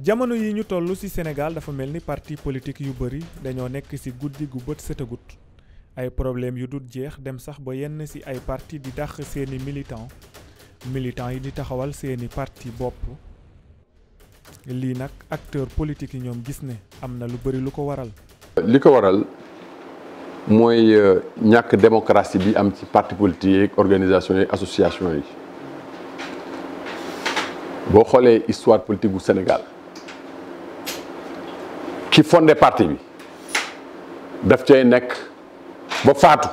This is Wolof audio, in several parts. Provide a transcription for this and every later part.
jamono yi ñu toll ci Sénégal dafa mel ni parti politique yu bëri dañoo nekk ci guddi gu bët setagut ay problème yu dul jeex dem sax ba yenn ci ay parti di dàq seeni militant militant yi di taxawal seeni parti bopp lii nag acteur politique yi ñoom gis ne am na lu bëri lu ko waral li ko waral mooy euh, ñàkk démocratie bi am ci parti politique organisation yi association yi boo xoolee histoire politique bu Sénégal ki fondé parti bi daf cay nekk ba faatu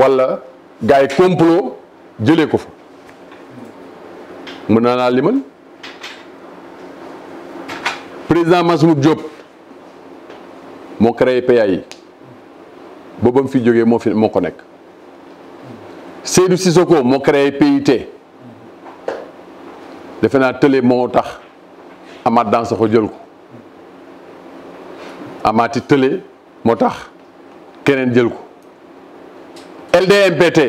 wala gars yi complot jëlee ko fa mën naa naa limal président Massoud Diop moo créé PA yi ba fi jógee moo fi moo ko nekk Seydou Sissoko moo créé PIT defe naa télé moo tax Amath Dansokho jël ko. amaati tële moo tax keneen jël ko LDMPT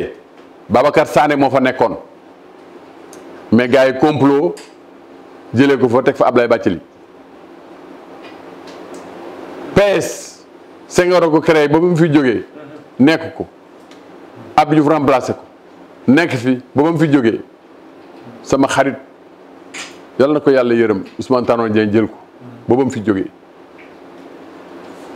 Babacar Sané moo fa nekkoon mais gars yi complot jële ko fa teg fa Ablaye Bathily PS Senghor ko créé ba mu fi jógee nekk ko Abdou Diouf remplacé ko nekk fi ba mu fi jógee sama xarit yàlla na ko yàlla yërëm Ousmane Tanor Dieng jël ko ba mu fi jógee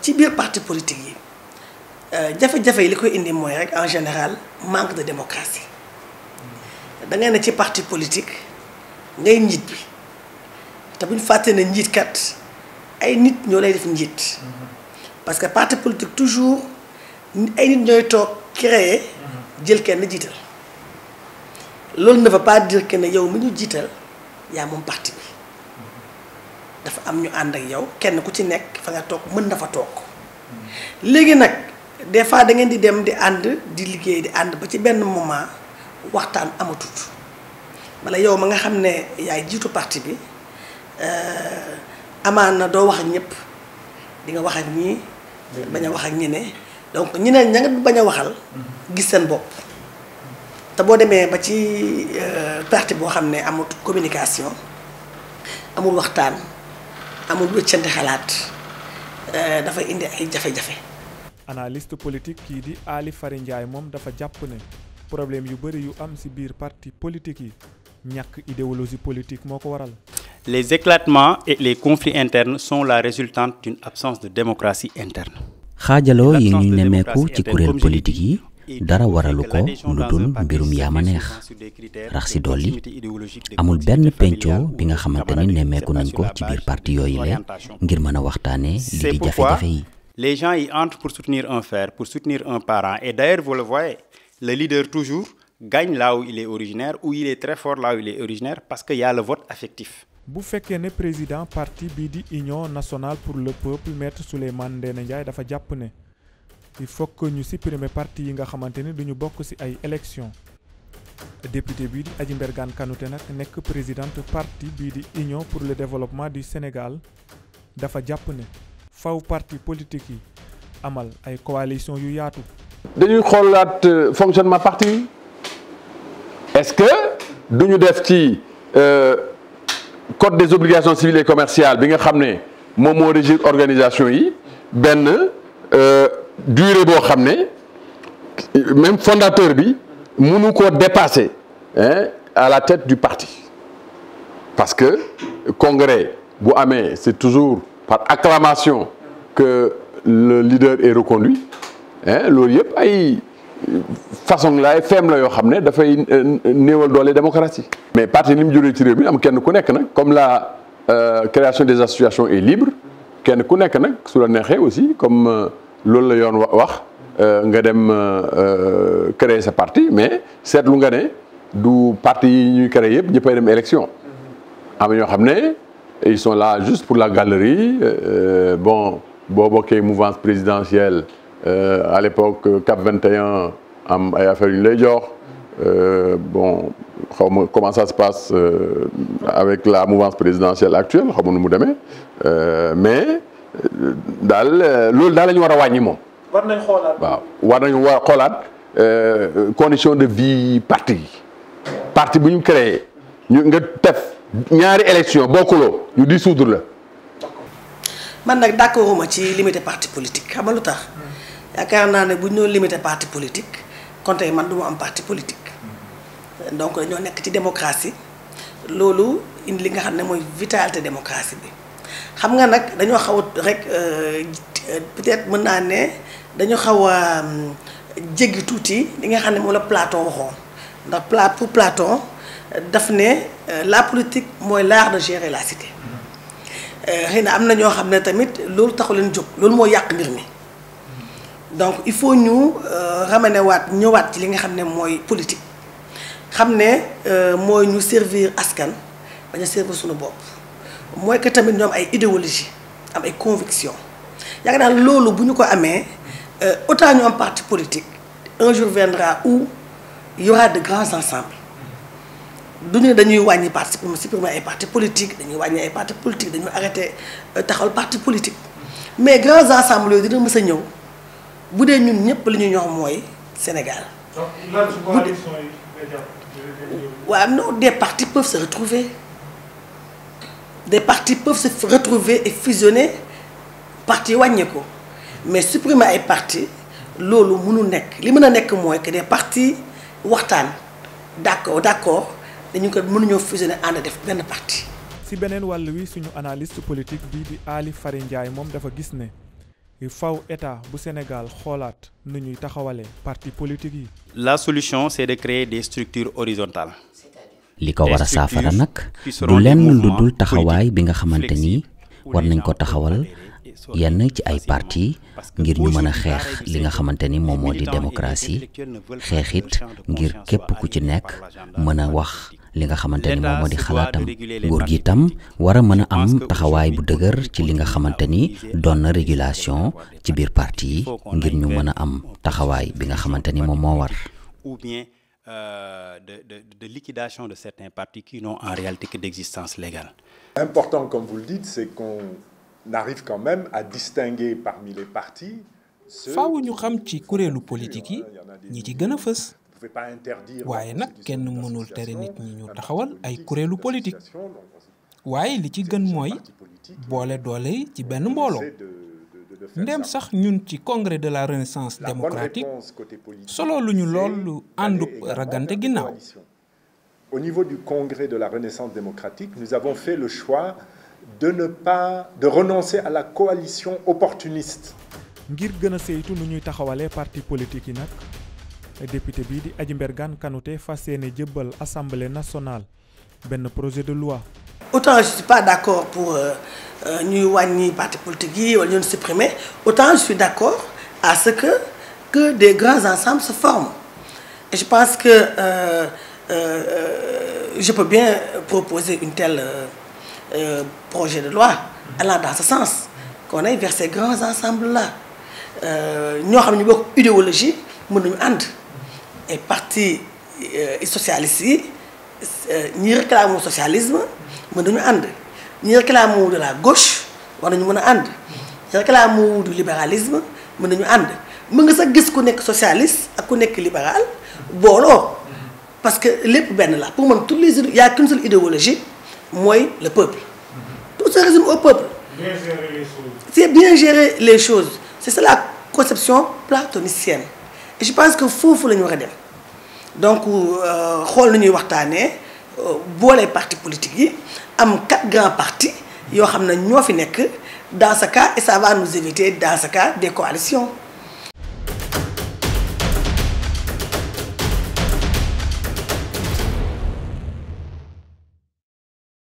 ci biir parti politique yi euh, jafe-jafe yi li koy indi mooy rek en général manque de démocratie da ngay ne ci parti politique ngay njiit bi te buñ fàtte ne njiit kat ay nit ñoo lay def njiit parce que parti politique toujours ay nit ñooy toog créer jël kenn jiital loolu ne veut pas dire que ne yow mi ñu jiital yaa moom parti dafa am ñu ànd ak yow kenn ku ci nekk fa nga toog mën na fa toog léegi nag des fois da ngeen di dem di ànd di liggéey di ànd ba ci benn moment waxtaan amatut wala yow ma nga xam ne yaay jiitu parti bi euh, amaan na doo wax ñëpp di nga wax ak ñii bañ a wax ak ñeneen donc ñeneen ña bañ a waxal gis seen bopp te boo demee ba ci euh, parti boo xam ne amut communication amul waxtaan amul wëccanti xalaat euh, dafa indi ay jafé jafé analyste politique kii di Ali Fary Ndiaye moom dafa japp né problème yu bëri yu am ci biir parti politique yi ñak idéologie politique moko waral. les éclatements et les conflits internes sont la résultante d'une absence de démocratie interne. xaajaloo yi ñu néméku ci kuréel politique yi dara waralu les gens y entrent pour soutenir un frère pour soutenir un parent et d'ailleurs vous le voyez le leader toujours gagne là où il est originaire ou il est très fort là où il est originaire parce qu'il y a le vote affectif. bu fekkee ne président parti bii di Union nationale pour le peuple maître Souleymane les Ndiaye dafa jàpp ne il faut que nous supprimer parti yi nga xamanteni duñu bokk ci ay élections député bi di Adji Mbergane Kanouté nak présidente parti de di Union pour le développement du Sénégal dafa japp ne faw parti politique yi amal ay coalition yu yaatu. dañuy le euh, fonctionnement parti est-ce que duñu def ci euh, code des obligations civiles et commerciales bi nga xamné mom moom organisation yi euh durée rebord, même fondateur bi nous ko dépasser hein à la tête du parti parce que le congrès c'est toujours par acclamation que le leader est reconduit hein loolu ay façon la feem la yo xamné ne fay démocratie mais parti ni mu ci mi am kenn ku comme la euh, création des associations est libre kenn ku la nexé aussi comme euh, loolu la yoon wax euh, nga dem euh, euh, créer sa parti mais seetlu nga ne du parti yi ñuy créer yëpp ñëppay dem élection am ñoo xam ils sont là juste pour la galerie bon boo bokkee mouvance présidentielle à l'époque Cap 21 a fait une yu bon comment ça se passe avec la mouvance présidentielle actuelle nu mais daal euh, loolu daal lañu war a wàññi moom. war nañ xoolaat waaw war nañu war xoolaat euh, condition de vie parti yi parti bu ñu créé ñu nga def ñaari élection bokkuloo ñu dissoudre la. man nag d'accorduma ci limiter parti politique xam nga lu tax yaakaar naa ne bu ñu doon limiter parti politique kon tey man du mu am parti politique donc ñoo nekk ci démocratie loolu indi li nga xam ne mooy vitalité démocratie bi. xam nga nag dañoo xaw euh, peut-être mën a euh, li nga la Platon ndax pour Platon euh, la politique mooy l'art de gérer la cité tamit taxu donc il faut nous ramener waat ñëwaat ci li nga politique servir askan servir mooy que tamit ñom ay idéologie am ay conviction yaakaar naa lolu buñu ko amé euh autant ñu am parti politique un jour viendra où il y aura de grands ensembles du dañuy wañi parti supprimer ay parti politique dañuy wañi ay parti politique dañu arrêté euh, taxawal parti politique mais grands ensembles yo dina mës a ñëw bu dee ñun ñëpp li ñu ñox moy Sénégal. donc lan su des partis peuvent se retrouver des partis peuvent se retrouver et fusionner parti wàññi ko mais supprimer les parti loolu munu nek li mën nek moy que des partis waxtaan d'accord d'accord dañu ko ñu fusionner and def ben parti. si benen walu wi suñu analyste politique bi di Ali Fary Ndiaye mom dafa gis ne faw état bu Sénégal xoolaat nu ñuy taxawalé parti politique yi. la solution c'est de créer des structures horizontales. liko wara safara nak du len lu dul taxawaay bi nga xamanteni war nañ ko taxawal yenn ci ay parti ngir ñu mëna xex li nga xamanteni mom moom di démocratie xexit ngir képp ku ci nekk mëna wax li nga xamanteni mom di xalaatam nguur gi tam wara mëna am taxaway bu dëgër ci li nga xamanteni régulation ci biir parti ngir ñu mëna am taxaway bi nga momo war Euh, de, de, de, liquidation de certains partis qui n'ont en réalité que d'existence légale. Important, comme vous le dites, c'est qu'on arrive quand même à distinguer parmi les partis. ceux ñu xam ci kuréelu politique yi euh, ñi ci gën a fës. il kenn mënul tere nit ñi ñu taxawal ay kuréelu politique. waaye li ci gën mooy boole doole ci ben mbolo ndem sax ñun ci congrès de la renaissance démocratique solo lu ñu loolu àndub ragante ginnaaw Au niveau du congrès de la renaissance démocratique, nous avons fait le choix de ne pas de renoncer à la coalition opportuniste. ngir gën seytu nu ñuy taxawalé parti politique nak député bi di Adji Kanouté fas yéene assemblée nationale ben projet de loi. Autant je suis pas d'accord pour. Euh, nous euh, ni parti politique ou wala supprimer autant je suis d'accord à ce que que des grands ensembles se forment et je pense que euh, euh, je peux bien proposer un tel projet de loi allant dans ce sens qu'on aille vers ces grands ensembles là nous avons une ñu idéologie, nous avons ànd et parti socialiste nous ñi le socialisme nous ànd ni quelqu'un de la gauche on nañu mën a ànd ñi ni quelqu'un du libéralisme mën nañu ànd mën nga gis ku nekk socialiste ak ku nekk libéral parce que les pour moi, il n'y a qu'une seule idéologie c'est le peuple tout se résume au peuple c'est bien gérer les choses c'est ça la conception platonicienne et je pense que faut la nous war Donc, donc nous nañuy partis parti politique y am quatre grands partis qui sont ne dans ce cas et ça va nous éviter dans ce cas des coalitions